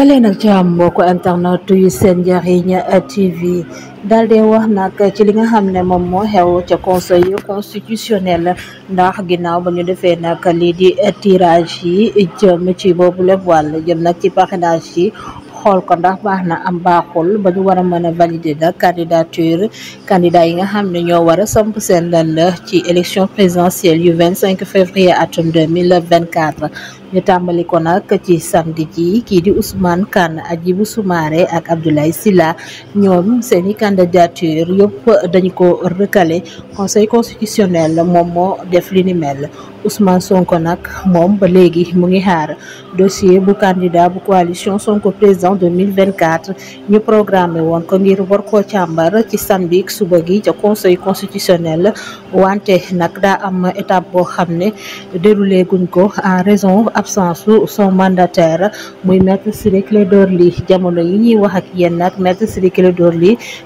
daleen ak jàmm mbokku internet yu seen njariñ TV daal di wax nag ci li nga xam ne moom moo xew ca conseil constitutionnel ndax ginnaaw ba ñu defee nak lii di tirage yi jëm ci boobu lépp wàll jëm nag ci parrainage yi xool ko ndax baax na am baaxul ba ñu war a mën a valider nag candidature candidat yi nga xam ne ñoo war a samp seen dënd ci élection présidentielle yu 25 février atum 2024 ñu tàmbali ko nag ci samedi ji ki di Ousmane Kane Hadjibou Soumaré ak Abdoulaye Silla, ñoom seeni candidature Yop, dañ ko recalé conseil constitutionnel mom mo def li ni mel Ousmane Sonko nak mom ba légui mu ngi xaar dossier bu candidat bu coalition Sonko président 2024 ñu programmé won ko ngir war ko càmbar ci samedi suba gi ci conseil constitutionnel wante nak da am étape bo xamné déroulé guñ ko en raison absence ou son mandataire muy maître sur les Ly jamono yi ñi wax ak yéen nak maître Ciré Clédor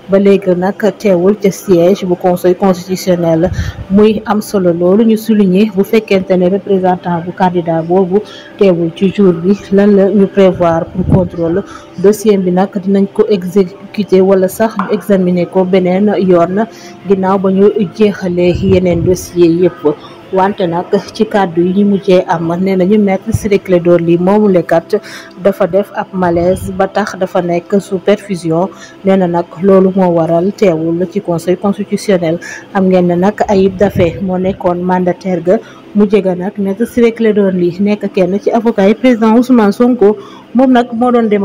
ba légue nak téwul ci siège bu conseil constitutionnel muy am solo nous ñu souligner bu qu'un ne représentant bu candidat bobu téwul ci jour bi lan la ñu prévoir pour contrôle dossier bi nak dinañ ko exécuter wala sax examiner ko benen yoon ginnaaw ba ñu yeneen dossier yëpp wante nag ci kàddu yi ñu mujjee am nee nañu maître Ciré Clédor Ly moomu lekkat dafa def ab malaise ba tax dafa nekk sous perfusion nee na nag loolu moo waral teewul ci conseil constitutionnel am ngeen nag Ayib Daffé moo nekkoon mandataire ga mu jega nag maître Ciré Clédor Ly nekk kenn ci avocat yi président Ousmane Sonko moom nag moo doon dem